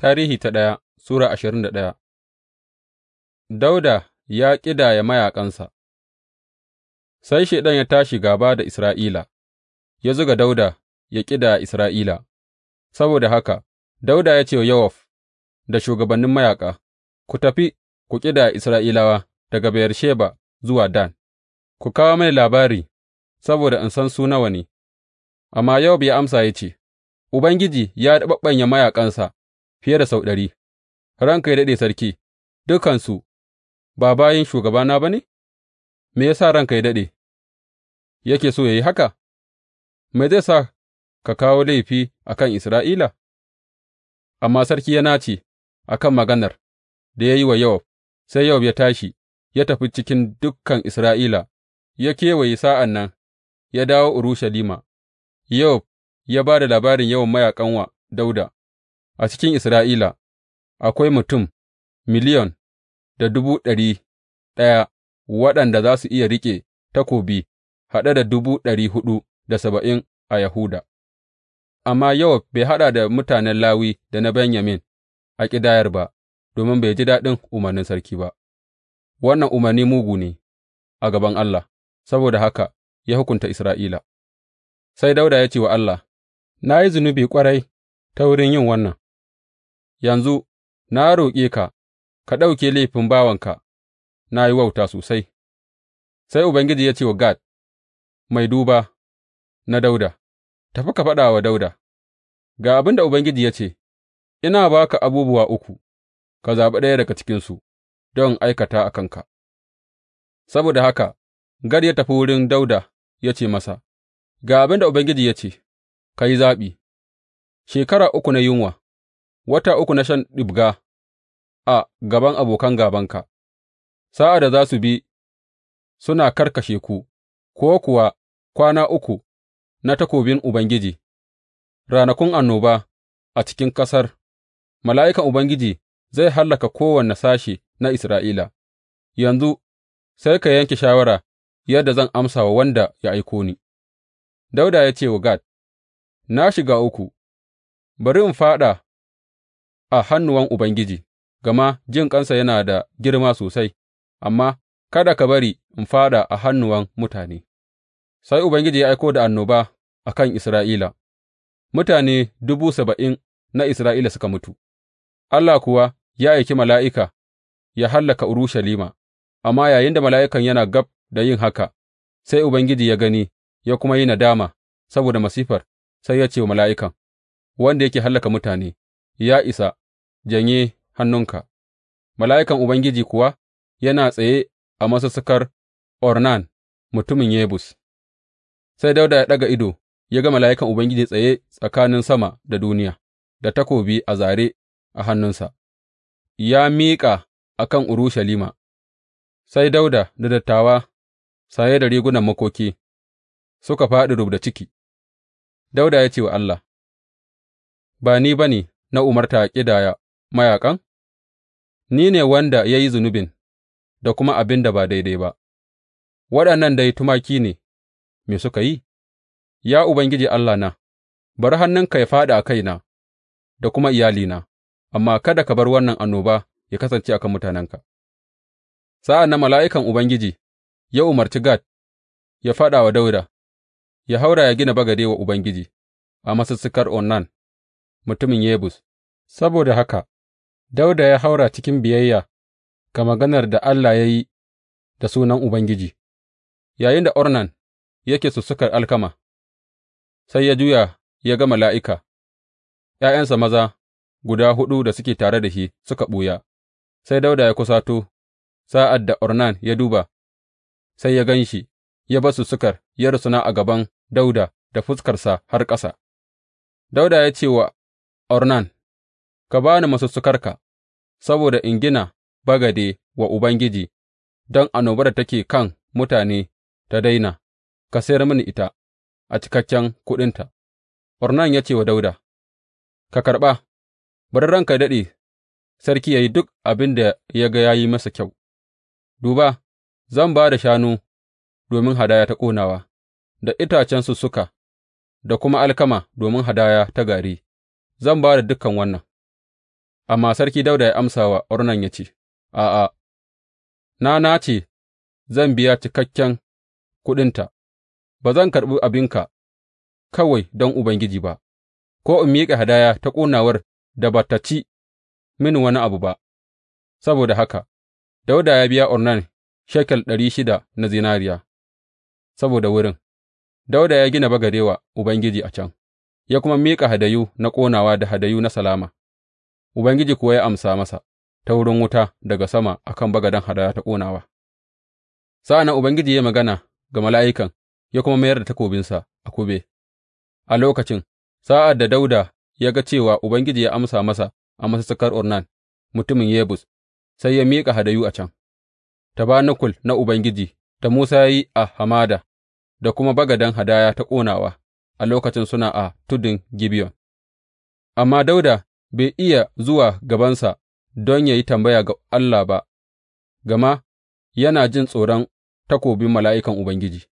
Tarihi ta ɗaya Sura ashirin da ɗaya Dauda ya ƙidaya mayaƙansa Sai Shaiɗan ya tashi gaba da Isra'ila, ya zuga Dauda ya ƙidaya Isra'ila, saboda haka Dauda ya ce wa Yowaf da shugabannin mayaƙa, Ku tafi ku ƙidaya Isra'ilawa daga Beyersheba zuwa Dan, ku kawo mini labari, saboda in san su nawa ne. Amma Yowab ya amsa ya ce, Ubangiji ya mayaƙansa. fiye da sau ɗari, Ranka yă daɗe sarki, dukansu ba bayin shugabana ba ne? Me ya sa ranka yă daɗe, yake so ya yi haka? Me zai sa ka kawo laifi a kan Isra'ila? Amma sarki ya nace a kan maganar da ya yi wa Yowab, sai Yowab ya tashi, ya tafi cikin dukan Isra'ila, ya kewaye sa'an nan, ya dawo Urushalima, Yowab ya ba da labarin yawan mayaƙan wa Dawuda. a cikin Isra'ila akwai mutum miliyon da dubu ɗari ɗaya waɗanda za su iya riƙe takobi haɗe da dubu ɗari huɗu da saba'in a Yahuda, amma Yowab bai haɗa da mutanen Lawi da na Benyamin a ƙidayar ba, domin bai ji daɗin umarnin sarki ba, wannan umarni mugu ne a gaban Allah, saboda haka ya hukunta Isra'ila. Sai Dauda ya ce wa Allah, Na yi zunubi ƙwarai ta wurin yin wannan. Yanzu na roƙe ka ka ɗauke laifin bawanka, na yi wauta sosai. Sai Ubangiji ya ce wa Gad, mai duba na Dauda, Tafi ka faɗa wa Dawuda, Ga abin da Ubangiji ya ce, Ina ba ka abubuwa uku, ka zaɓi ɗaya daga cikinsu don aikata a kanka. Saboda haka Gad ya tafi wurin Dauda ya ce masa, Ga abin da Ubangiji ya ce, Ka yi zaɓi, shekara uku na yunwa. wata uku na shan ɗibga a gaban abokan gābanka, sa'ad da za su bi suna karkashe ku, ko kuwa kwana uku na takobin Ubangiji, ranakun annoba a cikin ƙasar, mala'ikan Ubangiji zai hallaka kowane sashe na Isra'ila, yanzu sai ka yanke shawara yadda zan amsa wa wanda ya aiko ni. Dauda ya ce wa Gad, Na shiga uku, bari in faɗa. a hannuwan Ubangiji, gama jinƙansa yana da girma sosai, amma kada ka bari in fāɗa a hannuwan mutane. Sai Ubangiji ya aiko da annoba a kan Isra'ila, mutane dubu saba'in na Isra'ila suka mutu, Allah kuwa ya aiki mala'ika ya hallaka Urushalima, amma yayin da mala'ikan yana gab da yin haka, sai Ubangiji ya gani ya kuma yi nadama saboda masifar, sai ya ce wa mala'ikan, wanda yake hallaka mutane, Ya isa! janye hannunka, mala'ikan Ubangiji kuwa yana tsaye a masussukar Ornan mutumin Yebus, sai Dauda ya ɗaga ido ya ga mala'ikan Ubangiji tsaye tsakanin sama da duniya, da takobi a zare a hannunsa, ya miƙa a kan Urushalima, sai Dauda da dattawa saye da rigunan makoki suka faɗi rubda ciki, Dauda ya ce wa Allah, Ba ni ba ne na umarta a ƙidaya mayaƙan, Ni ne wanda ya yi zunubin da kuma abin da ba daidai ba, waɗannan dai tumaki ne, me suka yi, Ya Ubangiji Allahna, bari hannunka ya fāɗi a kaina da kuma iyalina, amma kada ka bar wannan annoba ya kasance a kan mutanenka. Sa'an nan mala'ikan Ubangiji ya umarci Gad ya faɗa wa Dawuda, ya haura ya gina bagade wa Ubangiji a masussukar Onnan mutumin Yebus, saboda haka Dawuda ya haura cikin biyayya ga maganar da Allah ya yi da sunan Ubangiji, yayinda Ornan yake sussukar alkama, sai ya juya ya ga mala'ika, ’ya'yansa maza guda huɗu da suke tare da shi suka ɓuya, sai Dawuda ya kusato, sa'ad da Ornan ya duba, sai ya gan shi, ya bar sussukar, ya rusuna a gaban Dauda da fuskarsa har ƙasa. Dauda ya ce wa Ornan, ka ba ni masussukarka saboda in gina bagade wa Ubangiji don annobar da take kan mutane ta daina, ka sayar mini ita a cikakken kuɗinta. Ornan ya ce wa Dauda? Ka karɓa, bari ranka daɗe, sarki ya yi duk abin da ya ga ya yi masa kyau, duba, zan ba da shanu domin hadaya ta ƙonawa, da itacen sussuka, da kuma alkama domin hadaya ta gari, zan ba da dukan wannan. Amma Sarki Dawuda ya amsa wa Ornan ya ce, A'a, na nace zan biya cikakken kuɗinta, ba zan karɓi abinka kawai don Ubangiji ba, ko in miƙa hadaya ta ƙonawar da ba ta ci mini wani abu ba, saboda haka Dawuda ya biya Ornan shekel ɗari shida na zinariya saboda wurin, Dawuda ya gina bagade wa Ubangiji a can, ya kuma miƙa hadayu na ƙonawa da hadayu na salama. Ubangiji kuwa ya amsa masa ta wurin wuta daga sama a kan bagaden hadaya ta ƙonawa. Sa'an nan Ubangiji ya magana ga mala'ikan ya kuma mayar da takobinsa a kube a lokacin, sa'ad da Dauda ya ga cewa Ubangiji ya amsa masa a masussukar Ornan mutumin Yebus, sai ya miƙa hadayu a can, tabanakul na Ubangiji da Musa ya yi a hamada, da kuma bagaden hadaya ta ƙonawa a lokacin suna a tudun Gibeyon. Amma Dauda. bai iya zuwa gabansa don yă yi tambaya ga Allah ba, gama yana jin tsoron takobin mala'ikan Ubangiji.